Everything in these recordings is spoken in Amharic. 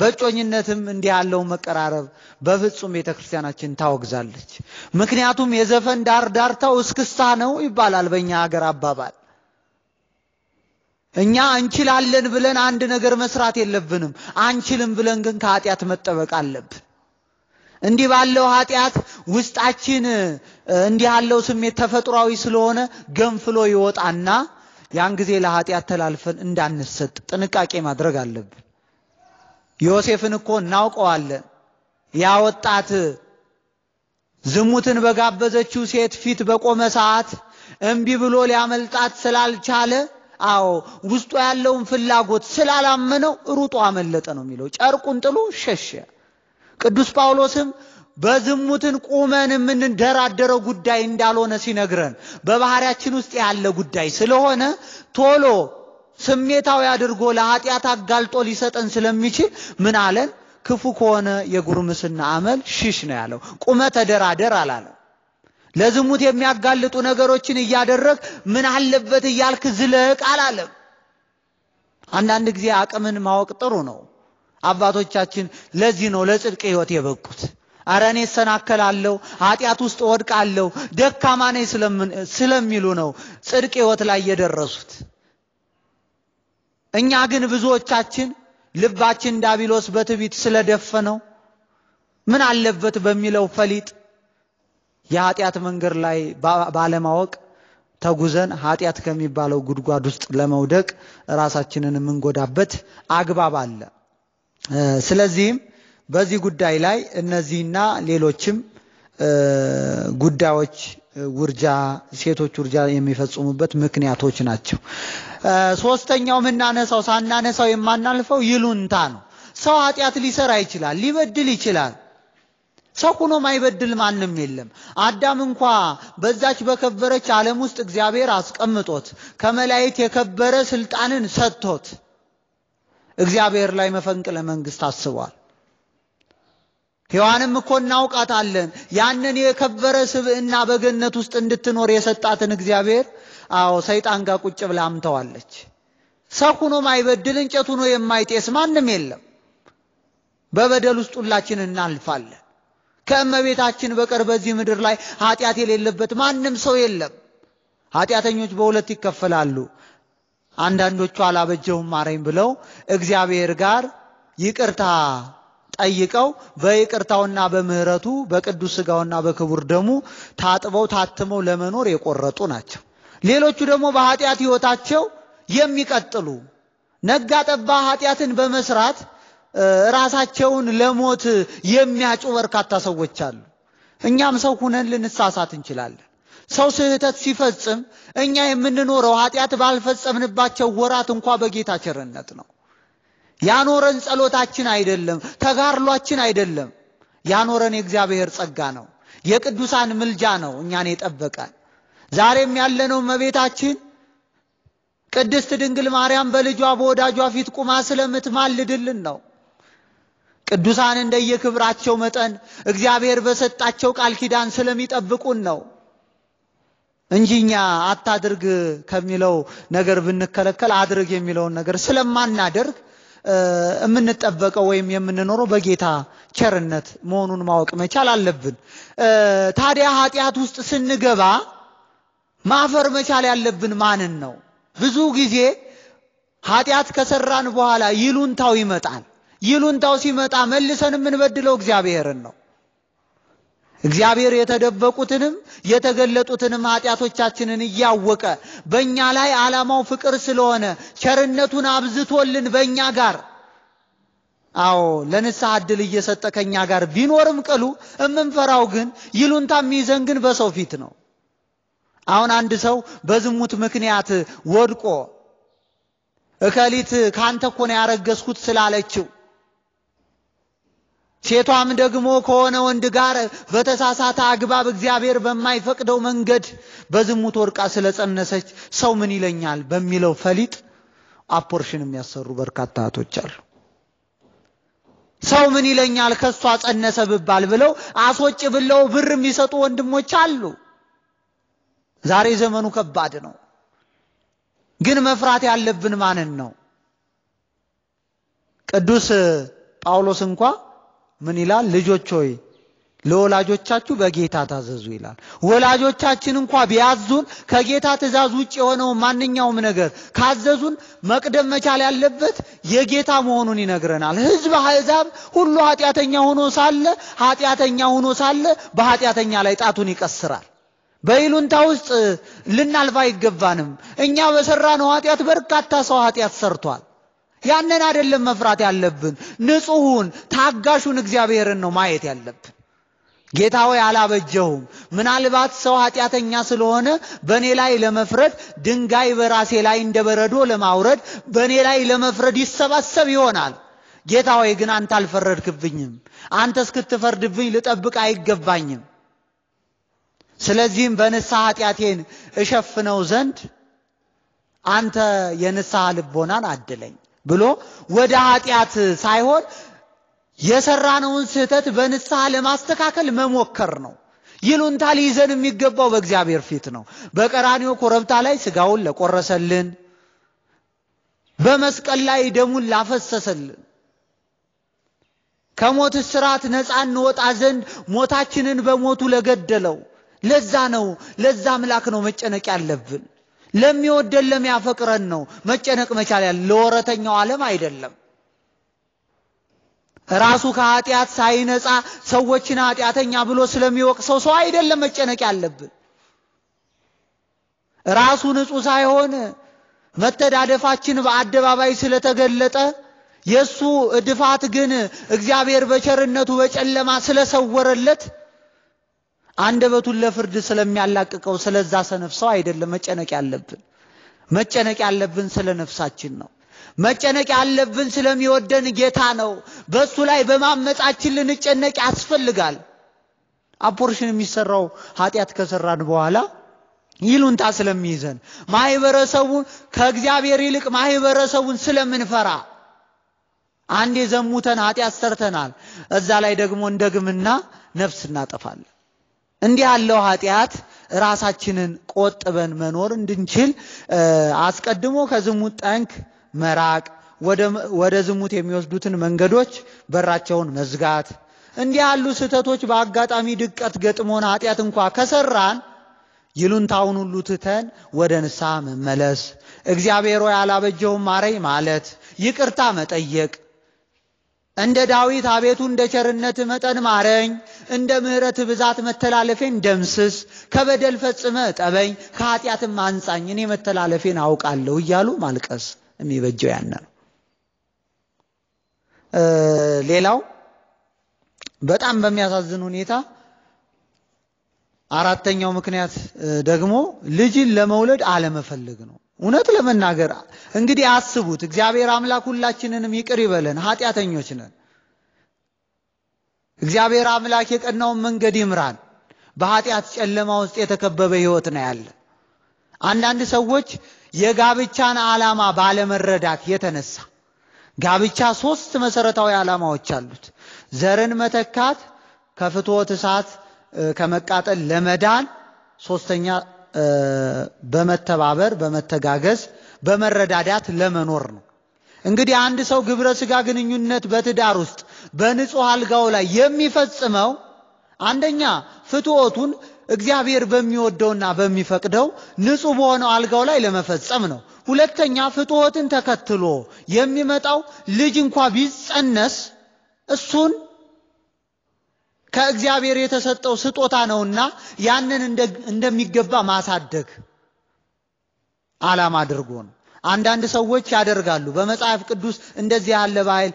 በእጮኝነትም እንዲህ ያለው መቀራረብ በፍጹም ቤተ ክርስቲያናችን ታወግዛለች። ምክንያቱም የዘፈን ዳር ዳርታው እስክስታ ነው ይባላል በእኛ ሀገር አባባል። እኛ እንችላለን ብለን አንድ ነገር መስራት የለብንም። አንችልም ብለን ግን ከኃጢአት መጠበቅ አለብን። እንዲህ ባለው ኃጢአት ውስጣችን እንዲህ ያለው ስሜት ተፈጥሯዊ ስለሆነ ገንፍሎ ይወጣና ያን ጊዜ ለኃጢአት ተላልፈን እንዳንሰጥ ጥንቃቄ ማድረግ አለብን። ዮሴፍን እኮ እናውቀዋለን። ያ ወጣት ዝሙትን በጋበዘችው ሴት ፊት በቆመ ሰዓት እምቢ ብሎ ሊያመልጣት ስላልቻለ፣ አዎ ውስጡ ያለውን ፍላጎት ስላላመነው ሩጦ አመለጠ ነው የሚለው። ጨርቁን ጥሎ ሸሸ። ቅዱስ ጳውሎስም በዝሙትን ቁመን የምንደራደረው ጉዳይ እንዳልሆነ ሲነግረን በባህሪያችን ውስጥ ያለ ጉዳይ ስለሆነ ቶሎ ስሜታዊ አድርጎ ለኃጢአት አጋልጦ ሊሰጠን ስለሚችል ምን አለን? ክፉ ከሆነ የጉርምስና አመል ሽሽ ነው ያለው። ቁመ ተደራደር አላለም። ለዝሙት የሚያጋልጡ ነገሮችን እያደረግ ምን አለበት እያልክ ዝለቅ አላለም። አንዳንድ ጊዜ አቅምን ማወቅ ጥሩ ነው። አባቶቻችን ለዚህ ነው ለጽድቅ ህይወት የበቁት። አረ እኔ እሰናከላለሁ፣ ኃጢአት ውስጥ ወድቃለሁ፣ ደካማ ነኝ ስለሚሉ ነው ጽድቅ ህይወት ላይ የደረሱት። እኛ ግን ብዙዎቻችን ልባችን ዳቢሎስ በትቢት ስለደፈነው ምን አለበት በሚለው ፈሊጥ የኃጢአት መንገድ ላይ ባለማወቅ ተጉዘን ኃጢአት ከሚባለው ጉድጓድ ውስጥ ለመውደቅ ራሳችንን የምንጎዳበት አግባብ አለ። ስለዚህም በዚህ ጉዳይ ላይ እነዚህና ሌሎችም ጉዳዮች ውርጃ ሴቶች ውርጃ የሚፈጽሙበት ምክንያቶች ናቸው። ሶስተኛው የምናነሳው ሳናነሳው የማናልፈው ይሉንታ ነው። ሰው ኃጢአት ሊሰራ ይችላል፣ ሊበድል ይችላል። ሰው ሆኖ ማይበድል ማንም የለም። አዳም እንኳ በዛች በከበረች ዓለም ውስጥ እግዚአብሔር አስቀምጦት ከመላእክት የከበረ ስልጣንን ሰጥቶት እግዚአብሔር ላይ መፈንቅለ መንግስት አስቧል። ሔዋንም እኮ እናውቃታለን ያንን የከበረ ስብዕና በገነት ውስጥ እንድትኖር የሰጣትን እግዚአብሔር አዎ ሰይጣን ጋር ቁጭ ብላ አምተዋለች። ሰው ሁኖ ማይበድል እንጨት ሆኖ የማይጤስ ማንም የለም። በበደል ውስጥ ሁላችን እናልፋለን። ከእመቤታችን በቀር በዚህ ምድር ላይ ኃጢአት የሌለበት ማንም ሰው የለም። ኃጢአተኞች በሁለት ይከፈላሉ። አንዳንዶቹ አላበጀውም ማረኝ ብለው እግዚአብሔር ጋር ይቅርታ ጠይቀው በይቅርታውና በምህረቱ በቅዱስ ስጋውና በክቡር ደሙ ታጥበው ታትመው ለመኖር የቆረጡ ናቸው። ሌሎቹ ደግሞ በኃጢአት ሕይወታቸው የሚቀጥሉ ነጋ ጠባ ኃጢአትን በመስራት ራሳቸውን ለሞት የሚያጩ በርካታ ሰዎች አሉ። እኛም ሰው ሁነን ልንሳሳት እንችላለን። ሰው ስህተት ሲፈጽም እኛ የምንኖረው ኃጢአት ባልፈጸምንባቸው ወራት እንኳ በጌታ ቸርነት ነው። ያኖረን ጸሎታችን አይደለም፣ ተጋርሏችን አይደለም። ያኖረን የእግዚአብሔር ጸጋ ነው። የቅዱሳን ምልጃ ነው እኛን የጠበቀን። ዛሬም ያለነው እመቤታችን ቅድስት ድንግል ማርያም በልጇ በወዳጇ ፊት ቁማ ስለምትማልድልን ነው። ቅዱሳን እንደየክብራቸው መጠን እግዚአብሔር በሰጣቸው ቃል ኪዳን ስለሚጠብቁን ነው እንጂ እኛ አታድርግ ከሚለው ነገር ብንከለከል አድርግ የሚለውን ነገር ስለማናደርግ የምንጠበቀው ወይም የምንኖረው በጌታ ቸርነት መሆኑን ማወቅ መቻል አለብን። ታዲያ ኃጢአት ውስጥ ስንገባ ማፈር መቻል ያለብን ማንን ነው? ብዙ ጊዜ ኃጢአት ከሰራን በኋላ ይሉንታው ይመጣል። ይሉንታው ሲመጣ መልሰን የምንበድለው እግዚአብሔርን ነው። እግዚአብሔር የተደበቁትንም የተገለጡትንም ኃጢአቶቻችንን እያወቀ በእኛ ላይ ዓላማው ፍቅር ስለሆነ ቸርነቱን አብዝቶልን በእኛ ጋር አዎ ለንስሐ ዕድል እየሰጠ ከእኛ ጋር ቢኖርም ቅሉ እምንፈራው ግን ይሉንታ የሚይዘን ግን በሰው ፊት ነው። አሁን አንድ ሰው በዝሙት ምክንያት ወድቆ እከሊት ካንተ እኮ ነው ያረገዝኩት ስላለችው ሴቷም ደግሞ ከሆነ ወንድ ጋር በተሳሳተ አግባብ እግዚአብሔር በማይፈቅደው መንገድ በዝሙት ወርቃ ስለጸነሰች ሰው ምን ይለኛል በሚለው ፈሊጥ አፖርሽን የሚያሰሩ በርካታ እህቶች አሉ። ሰው ምን ይለኛል ከሷ ጸነሰ ብባል ብለው አስወጭ ብለው ብር የሚሰጡ ወንድሞች አሉ። ዛሬ ዘመኑ ከባድ ነው። ግን መፍራት ያለብን ማንን ነው? ቅዱስ ጳውሎስ እንኳ ምን ይላል? ልጆች ሆይ ለወላጆቻችሁ በጌታ ታዘዙ ይላል። ወላጆቻችን እንኳ ቢያዙን ከጌታ ትእዛዝ ውጭ የሆነው ማንኛውም ነገር ካዘዙን መቅደም መቻል ያለበት የጌታ መሆኑን ይነግረናል። ሕዝብ አሕዛብ ሁሉ ኃጢአተኛ ሆኖ ሳለ ኃጢአተኛ ሆኖ ሳለ በኃጢአተኛ ላይ ጣቱን ይቀስራል። በይሉንታ ውስጥ ልናልፍ አይገባንም። እኛ በሰራነው ኃጢአት በርካታ ሰው ኃጢአት ሰርቷል። ያንን አይደለም መፍራት ያለብን። ንጹሑን ታጋሹን እግዚአብሔርን ነው ማየት ያለብን። ጌታ ሆይ አላበጀሁም። ምናልባት ሰው ኃጢአተኛ ስለሆነ በእኔ ላይ ለመፍረድ ድንጋይ በራሴ ላይ እንደ በረዶ ለማውረድ በእኔ ላይ ለመፍረድ ይሰባሰብ ይሆናል። ጌታ ሆይ ግን አንተ አልፈረድክብኝም። አንተ እስክትፈርድብኝ ልጠብቅ አይገባኝም። ስለዚህም በንስሐ ኃጢአቴን እሸፍነው ዘንድ አንተ የንስሐ ልቦናን አድለኝ። ብሎ ወደ ኃጢአት ሳይሆን የሰራነውን ስህተት በንስሐ ለማስተካከል መሞከር ነው። ይሉንታ ሊይዘን የሚገባው በእግዚአብሔር ፊት ነው። በቀራንዮ ኮረብታ ላይ ስጋውን ለቆረሰልን፣ በመስቀል ላይ ደሙን ላፈሰሰልን ከሞት ስርዓት ነፃ እንወጣ ዘንድ ሞታችንን በሞቱ ለገደለው ለዛ ነው ለዛ አምላክ ነው መጨነቅ ያለብን። ለሚወደን ለሚያፈቅረን ነው መጨነቅ መቻል ያለ ለወረተኛው ዓለም አይደለም። ራሱ ከኃጢአት ሳይነጻ ሰዎችን ኃጢአተኛ ብሎ ስለሚወቅሰው ሰው አይደለም መጨነቅ ያለብን። ራሱ ንጹህ ሳይሆን መተዳደፋችን በአደባባይ ስለተገለጠ የሱ እድፋት ግን እግዚአብሔር በቸርነቱ በጨለማ ስለሰወረለት አንደበቱን ለፍርድ ስለሚያላቅቀው ስለዛ ሰነፍ ሰው አይደለም መጨነቅ ያለብን። መጨነቅ ያለብን ስለ ነፍሳችን ነው። መጨነቅ ያለብን ስለሚወደን ጌታ ነው። በእሱ ላይ በማመጻችን ልንጨነቅ ያስፈልጋል። አፖርሽን የሚሰራው ኃጢአት ከሰራን በኋላ ይሉንታ ስለሚይዘን ማህበረሰቡ ከእግዚአብሔር ይልቅ ማህበረሰቡን ስለምንፈራ አንዴ ዘሙተን ኃጢአት ሰርተናል። እዛ ላይ ደግሞ እንደግምና ነፍስ እናጠፋለን። እንዲህ ያለው ኃጢአት ራሳችንን ቆጥበን መኖር እንድንችል አስቀድሞ ከዝሙት ጠንክ መራቅ፣ ወደ ዝሙት የሚወስዱትን መንገዶች በራቸውን መዝጋት፣ እንዲህ ያሉ ስህተቶች በአጋጣሚ ድቀት ገጥሞን ኃጢአት እንኳ ከሰራን ይሉንታውን ሁሉ ትተን ወደ ንስሐ መመለስ፣ እግዚአብሔር ሆይ አላበጀውም ማረኝ ማለት፣ ይቅርታ መጠየቅ እንደ ዳዊት አቤቱ እንደ ቸርነት መጠን ማረኝ፣ እንደ ምሕረት ብዛት መተላለፌን ደምስስ፣ ከበደል ፈጽመ ጠበኝ፣ ከኃጢአትም አንጻኝ፣ እኔ መተላለፌን አውቃለሁ እያሉ ማልቀስ የሚበጀው ያነ ነው። ሌላው በጣም በሚያሳዝን ሁኔታ አራተኛው ምክንያት ደግሞ ልጅን ለመውለድ አለመፈለግ ነው። እውነት ለመናገር እንግዲህ አስቡት። እግዚአብሔር አምላክ ሁላችንንም ይቅር ይበለን፣ ኃጢአተኞች ነን። እግዚአብሔር አምላክ የቀናውን መንገድ ይምራን። በኃጢአት ጨለማ ውስጥ የተከበበ ሕይወት ነው ያለ። አንዳንድ ሰዎች የጋብቻን ዓላማ ባለመረዳት የተነሳ ጋብቻ ሶስት መሰረታዊ ዓላማዎች አሉት። ዘርን መተካት፣ ከፍትወት እሳት ከመቃጠል ለመዳን፣ ሶስተኛ በመተባበር በመተጋገዝ በመረዳዳት ለመኖር ነው። እንግዲህ አንድ ሰው ግብረ ስጋ ግንኙነት በትዳር ውስጥ በንጹህ አልጋው ላይ የሚፈጽመው አንደኛ ፍትወቱን እግዚአብሔር በሚወደውና በሚፈቅደው ንጹህ በሆነው አልጋው ላይ ለመፈጸም ነው። ሁለተኛ ፍትወትን ተከትሎ የሚመጣው ልጅ እንኳ ቢጸነስ እሱን ከእግዚአብሔር የተሰጠው ስጦታ ነውና ያንን እንደሚገባ ማሳደግ ዓላማ አድርጎ ነው። አንዳንድ ሰዎች ያደርጋሉ። በመጽሐፍ ቅዱስ እንደዚህ ያለ ባህል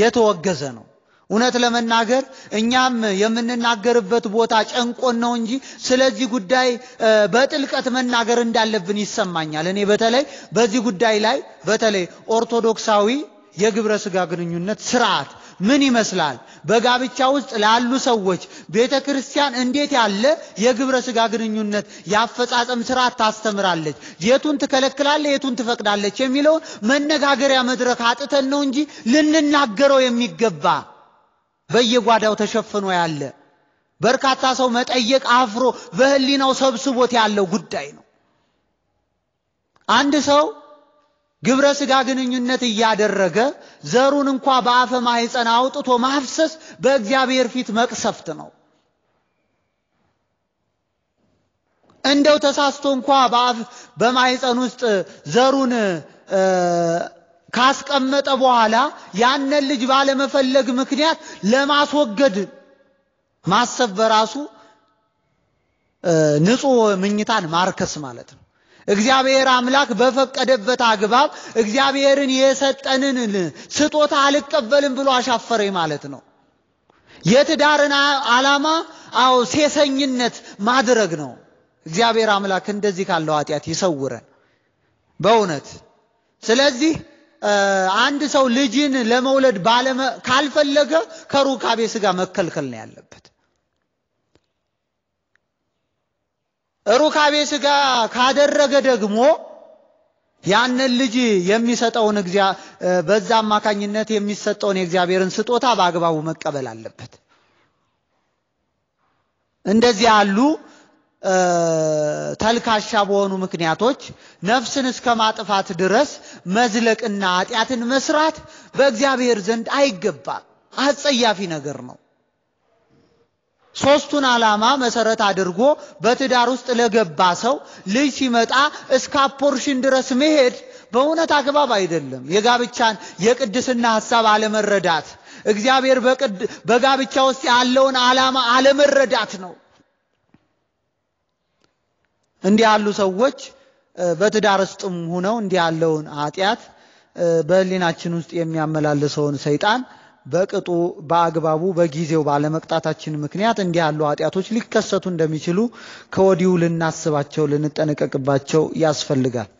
የተወገዘ ነው። እውነት ለመናገር እኛም የምንናገርበት ቦታ ጨንቆን ነው እንጂ ስለዚህ ጉዳይ በጥልቀት መናገር እንዳለብን ይሰማኛል። እኔ በተለይ በዚህ ጉዳይ ላይ በተለይ ኦርቶዶክሳዊ የግብረ ስጋ ግንኙነት ስርዓት ምን ይመስላል? በጋብቻ ውስጥ ላሉ ሰዎች ቤተ ክርስቲያን እንዴት ያለ የግብረ ስጋ ግንኙነት የአፈጻጸም ስርዓት ታስተምራለች? የቱን ትከለክላለች? የቱን ትፈቅዳለች? የሚለውን መነጋገሪያ መድረክ አጥተን ነው እንጂ ልንናገረው የሚገባ በየጓዳው ተሸፍኖ ያለ በርካታ ሰው መጠየቅ አፍሮ በህሊናው ሰብስቦት ያለው ጉዳይ ነው። አንድ ሰው ግብረ ስጋ ግንኙነት እያደረገ ዘሩን እንኳ በአፈ ማሕፀን አውጥቶ ማፍሰስ በእግዚአብሔር ፊት መቅሰፍት ነው። እንደው ተሳስቶ እንኳ በማሕፀን ውስጥ ዘሩን ካስቀመጠ በኋላ ያንን ልጅ ባለመፈለግ ምክንያት ለማስወገድ ማሰብ በራሱ ንጹህ ምኝታን ማርከስ ማለት ነው። እግዚአብሔር አምላክ በፈቀደበት አግባብ እግዚአብሔርን የሰጠንን ስጦታ አልቀበልም ብሎ አሻፈረኝ ማለት ነው። የትዳርን ዓላማ አዎ ሴሰኝነት ማድረግ ነው። እግዚአብሔር አምላክ እንደዚህ ካለው ኃጢአት ይሰውረን በእውነት። ስለዚህ አንድ ሰው ልጅን ለመውለድ ካልፈለገ ከሩካቤ ስጋ መከልከል ነው ያለበት። ሩካቤ ስጋ ካደረገ ደግሞ ያንን ልጅ የሚሰጠውን በዛ አማካኝነት የሚሰጠውን የእግዚአብሔርን ስጦታ በአግባቡ መቀበል አለበት። እንደዚህ ያሉ ተልካሻ በሆኑ ምክንያቶች ነፍስን እስከ ማጥፋት ድረስ መዝለቅና ኃጢአትን መስራት በእግዚአብሔር ዘንድ አይገባም፣ አጸያፊ ነገር ነው። ሶስቱን ዓላማ መሰረት አድርጎ በትዳር ውስጥ ለገባ ሰው ልጅ ሲመጣ እስከ አፖርሽን ድረስ መሄድ በእውነት አግባብ አይደለም። የጋብቻን የቅድስና ሐሳብ አለመረዳት፣ እግዚአብሔር በጋብቻ ውስጥ ያለውን ዓላማ አለመረዳት ነው። እንዲህ ያሉ ሰዎች በትዳር ውስጥም ሆነው እንዲህ ያለውን ኃጢአት በሕሊናችን ውስጥ የሚያመላልሰውን ሰይጣን በቅጡ በአግባቡ በጊዜው ባለመቅጣታችን ምክንያት እንዲህ ያሉ ኃጢአቶች ሊከሰቱ እንደሚችሉ ከወዲሁ ልናስባቸው ልንጠነቀቅባቸው ያስፈልጋል።